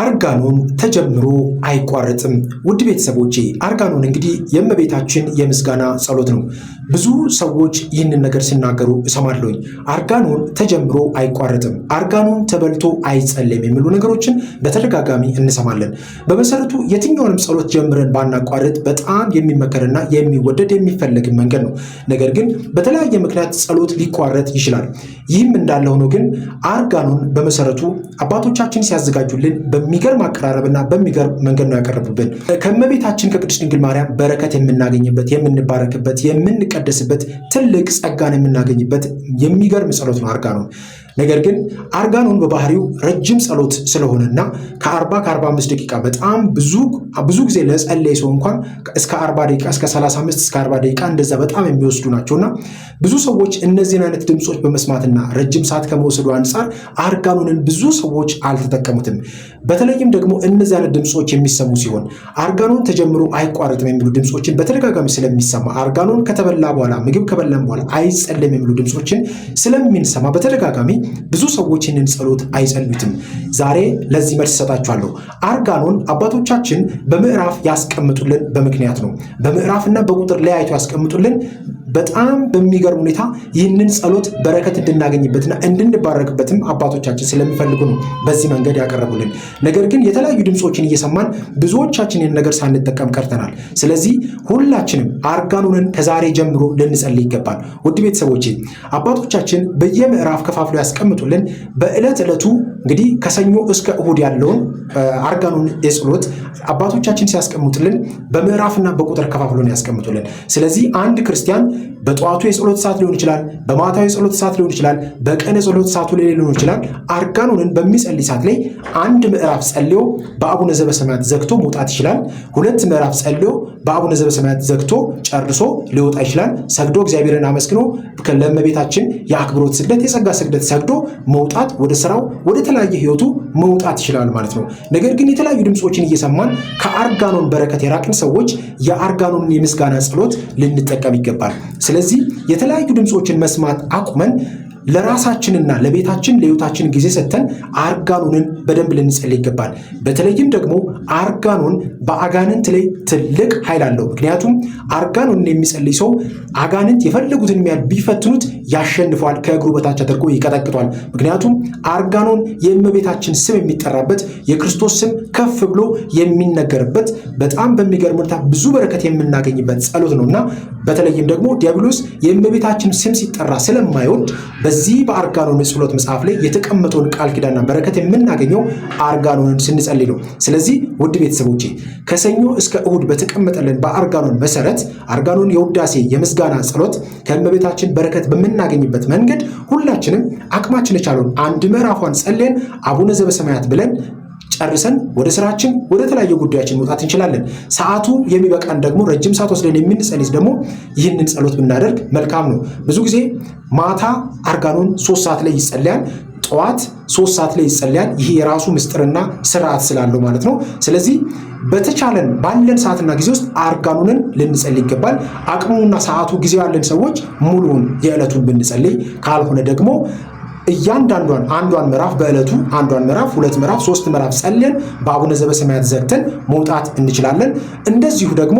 አርጋኖን ተጀምሮ አይቋረጥም። ውድ ቤተሰቦቼ አርጋኖን እንግዲህ የእመቤታችን የምስጋና ጸሎት ነው። ብዙ ሰዎች ይህንን ነገር ሲናገሩ እሰማለሁኝ። አርጋኖን ተጀምሮ አይቋረጥም፣ አርጋኖን ተበልቶ አይጸለይም የሚሉ ነገሮችን በተደጋጋሚ እንሰማለን። በመሰረቱ የትኛውንም ጸሎት ጀምረን ባናቋርጥ በጣም የሚመከርና የሚወደድ የሚፈለግ መንገድ ነው። ነገር ግን በተለያየ ምክንያት ጸሎት ሊቋረጥ ይችላል። ይህም እንዳለ ሆኖ ግን አርጋኖን በመሰረቱ አባቶቻችን ሲያዘጋጁልን በሚገርም አቀራረብና በሚገርም መንገድ ነው ያቀረብብን። ከእመቤታችን ከቅድስት ድንግል ማርያም በረከት የምናገኝበት የምንባረክበት፣ የምንቀደስበት ትልቅ ጸጋን የምናገኝበት የሚገርም ጸሎት ነው አርጋ ነው ነገር ግን አርጋኖን በባህሪው ረጅም ጸሎት ስለሆነና ከ40 ከ45 ደቂቃ በጣም ብዙ ብዙ ጊዜ ለጸለይ ሰው እንኳን እስከ 40 ደቂቃ እስከ 35 እስከ 40 ደቂቃ እንደዛ በጣም የሚወስዱ ናቸውና ብዙ ሰዎች እነዚህን አይነት ድምፆች በመስማትና ረጅም ሰዓት ከመወሰዱ አንጻር አርጋኖንን ብዙ ሰዎች አልተጠቀሙትም። በተለይም ደግሞ እነዚህ አይነት ድምፆች የሚሰሙ ሲሆን አርጋኖን ተጀምሮ አይቋረጥም የሚሉ ድምፆችን በተደጋጋሚ ስለሚሰማ አርጋኖን ከተበላ በኋላ ምግብ ከበላም በኋላ አይጸለም የሚሉ ድምፆችን ስለሚንሰማ በተደጋጋሚ ብዙ ሰዎች ይህንን ጸሎት አይጸልዩትም። ዛሬ ለዚህ መልስ እሰጣችኋለሁ። አርጋኖን አባቶቻችን በምዕራፍ ያስቀምጡልን በምክንያት ነው። በምዕራፍና በቁጥር ለያይቶ ያስቀምጡልን በጣም በሚገርም ሁኔታ ይህንን ጸሎት በረከት እንድናገኝበትና እንድንባረክበትም አባቶቻችን ስለሚፈልጉ ነው በዚህ መንገድ ያቀረቡልን። ነገር ግን የተለያዩ ድምፆችን እየሰማን ብዙዎቻችን ይህን ነገር ሳንጠቀም ቀርተናል። ስለዚህ ሁላችንም አርጋኑንን ከዛሬ ጀምሮ ልንጸልይ ይገባል። ውድ ቤተሰቦች አባቶቻችን በየምዕራፍ ከፋፍሎ ያስቀምጡልን። በዕለት ዕለቱ እንግዲህ ከሰኞ እስከ እሁድ ያለውን አርጋኑን የጸሎት አባቶቻችን ሲያስቀምጡልን በምዕራፍና በቁጥር ከፋፍሎን ያስቀምጡልን። ስለዚህ አንድ ክርስቲያን በጠዋቱ የጸሎት ሰዓት ሊሆን ይችላል፣ በማታው የጸሎት ሰዓት ሊሆን ይችላል፣ በቀን የጸሎት ሰዓቱ ላይ ሊሆን ይችላል። አርጋኖንን በሚጸልይ ሰዓት ላይ አንድ ምዕራፍ ጸልዮ በአቡነ ዘበሰማያት ዘግቶ መውጣት ይችላል። ሁለት ምዕራፍ ጸልዮ በአቡነ ዘበሰማያት ዘግቶ ጨርሶ ሊወጣ ይችላል። ሰግዶ እግዚአብሔርን አመስግኖ ለመቤታችን የአክብሮት ስግደት የጸጋ ስግደት ሰግዶ መውጣት ወደ ስራው ወደ ተለያየ ህይወቱ መውጣት ይችላል ማለት ነው። ነገር ግን የተለያዩ ድምፆችን እየሰማን ከአርጋኖን በረከት የራቅን ሰዎች የአርጋኖን የምስጋና ጸሎት ልንጠቀም ይገባል። ስለዚህ የተለያዩ ድምፆችን መስማት አቁመን ለራሳችንና ለቤታችን ለሕይወታችን ጊዜ ሰጥተን አርጋኖንን በደንብ ልንጸል ይገባል። በተለይም ደግሞ አርጋኖን በአጋንንት ላይ ትልቅ ኃይል አለው። ምክንያቱም አርጋኖንን የሚጸልይ ሰው አጋንንት የፈለጉትን ያህል ቢፈትኑት ያሸንፈዋል፣ ከእግሩ በታች አድርጎ ይቀጠቅጧል። ምክንያቱም አርጋኖን የእመቤታችን ስም የሚጠራበት የክርስቶስ ስም ከፍ ብሎ የሚነገርበት በጣም በሚገርም ሁኔታ ብዙ በረከት የምናገኝበት ጸሎት ነው እና በተለይም ደግሞ ዲያብሎስ የእመቤታችን ስም ሲጠራ ስለማይወድ በዚህ በአርጋኖን ጸሎት መጽሐፍ ላይ የተቀመጠውን ቃል ኪዳንና በረከት የምናገኘው አርጋኖንን ስንጸልይ ነው። ስለዚህ ውድ ቤተሰቦች ከሰኞ እስከ እሁድ በተቀመጠልን በአርጋኖን መሰረት አርጋኖን የውዳሴ የምስጋና ጸሎት ከእመቤታችን በረከት በምናገኝበት መንገድ ሁላችንም አቅማችን የቻለውን አንድ ምዕራፏን ጸልየን አቡነ ዘበሰማያት ብለን ጨርሰን ወደ ስራችን ወደ ተለያዩ ጉዳያችን መውጣት እንችላለን። ሰዓቱ የሚበቃን ደግሞ ረጅም ሰዓት ወስደን የምንጸልይ ደግሞ ይህንን ጸሎት ብናደርግ መልካም ነው። ብዙ ጊዜ ማታ አርጋኖን ሶስት ሰዓት ላይ ይጸለያል። ጠዋት ሶስት ሰዓት ላይ ይጸለያል። ይሄ የራሱ ምስጢርና ስርዓት ስላለው ማለት ነው። ስለዚህ በተቻለን ባለን ሰዓትና ጊዜ ውስጥ አርጋኑንን ልንጸልይ ይገባል። አቅሙና ሰዓቱ ጊዜ ያለን ሰዎች ሙሉውን የዕለቱን ብንጸልይ፣ ካልሆነ ደግሞ እያንዳንዷን አንዷን ምዕራፍ በዕለቱ አንዷን ምዕራፍ ሁለት ምዕራፍ ሶስት ምዕራፍ ጸልየን በአቡነ ዘበሰማያት ዘግተን መውጣት እንችላለን። እንደዚሁ ደግሞ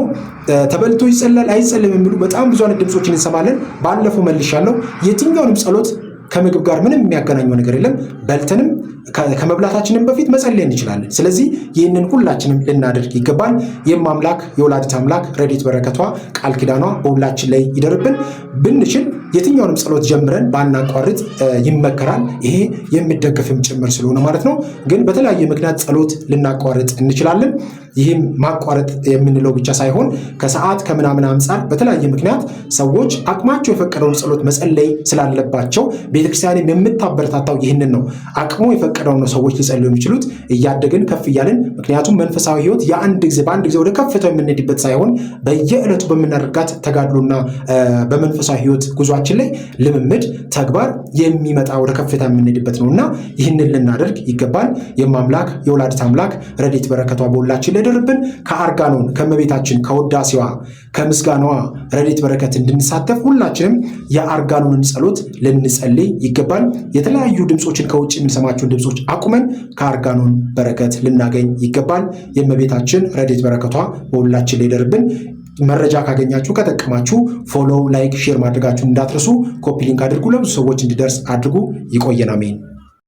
ተበልቶ ይጸለል አይጸለም የሚሉ በጣም ብዙ አይነት ድምፆችን እንሰማለን። ባለፈው መልሻለሁ። የትኛውንም ጸሎት ከምግብ ጋር ምንም የሚያገናኘው ነገር የለም። በልተንም ከመብላታችንም በፊት መጸለይ እንችላለን። ስለዚህ ይህንን ሁላችንም ልናደርግ ይገባል። ይህም አምላክ የወላዲት አምላክ ረዴት በረከቷ ቃል ኪዳኗ በሁላችን ላይ ይደርብን። ብንችል የትኛውንም ጸሎት ጀምረን ባናቋርጥ ይመከራል። ይሄ የሚደገፍም ጭምር ስለሆነ ማለት ነው። ግን በተለያየ ምክንያት ጸሎት ልናቋርጥ እንችላለን። ይህም ማቋረጥ የምንለው ብቻ ሳይሆን ከሰዓት ከምናምን አንጻር በተለያየ ምክንያት ሰዎች አቅማቸው የፈቀደውን ጸሎት መጸለይ ስላለባቸው ቤተክርስቲያን የምታበረታታው ይህንን ነው። አቅሙ የፈቀደው ነው ሰዎች ሊጸልዩ የሚችሉት። እያደግን ከፍ እያልን ምክንያቱም መንፈሳዊ ህይወት የአንድ ጊዜ በአንድ ጊዜ ወደ ከፍታው የምንሄድበት ሳይሆን በየዕለቱ በምናደርጋት ተጋድሎና በመንፈሳዊ ህይወት ጉዟችን ላይ ልምምድ፣ ተግባር የሚመጣ ወደ ከፍታ የምንሄድበት ነው እና ይህንን ልናደርግ ይገባል። የማምላክ የወላዲት አምላክ ረዴት በረከቷ በሁላችን ላይ ከአርጋኖን ከመቤታችን ከወዳሴዋ ከምስጋናዋ ረድኤት በረከት እንድንሳተፍ ሁላችንም የአርጋኑንን ጸሎት ልንጸልይ ይገባል። የተለያዩ ድምፆችን ከውጭ የምንሰማቸውን ድምፆች አቁመን ከአርጋኑን በረከት ልናገኝ ይገባል። የእመቤታችን ረድኤት በረከቷ በሁላችን ሊደርብን። መረጃ ካገኛችሁ ከጠቀማችሁ፣ ፎሎው፣ ላይክ፣ ሼር ማድረጋችሁን እንዳትረሱ። ኮፒ ሊንክ አድርጉ፣ ለብዙ ሰዎች እንዲደርስ አድርጉ። ይቆየን። አሜን።